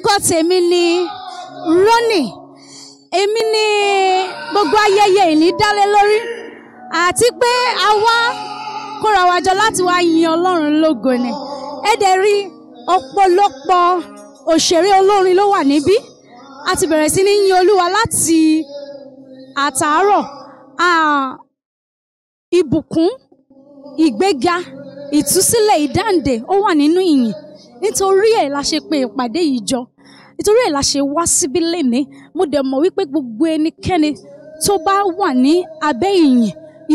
orúkọ tèmi ni Ronny èmi ni gbogbo ayẹyẹ ìní dálé lórí àti pé a wá kóra wa jọ láti wá yin Ọlọ́run lógo ni ẹ dẹ̀ rí ọ̀pọ̀lọpọ̀ òṣèré olórin ló wà níbí a ti bẹ̀rẹ̀ sí ní yin Olúwa láti àtàárọ̀ ìbùkún ìgbéga ìtúsílẹ̀ ìdáǹdè ó wà nínú ìyìn nítorí ẹ̀ la ṣe pé ìpàdé yìí jọ nítorí ẹ̀ la ṣe wá síbí lénìí mo dẹ̀ mọ̀ wípé gbogbo ẹnikẹ́ni tó bá wà ní abẹ́ ìyìn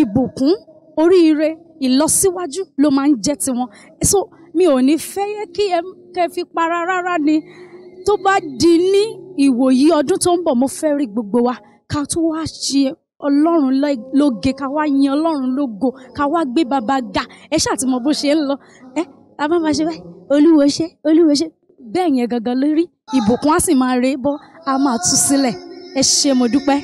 ìbùkún oríire ìlọsíwájú ló máa ń jẹ́ tiwọn so mi ò ní fẹ́ yẹ kí ẹ kẹ́ fi para rárá ni tó bá di ní ìwòyí ọdún tó ń bọ̀ mo fẹ́ rí gbogbo wa ká tó wá ṣe ọlọ́run lóge ká wá yin ọlọ́run lógo ká wá gbé baba ga ẹ ṣàtìmọ̀ bó ṣe ń lọ ẹ a máa ma ṣe báyìí olúwo ṣe olúwo ṣe bẹ́ẹ̀ yẹn gangan lórí ìbùkún á sì máa rè bọ́ a máa tú sílẹ̀ ẹ ṣé mo dúpẹ́.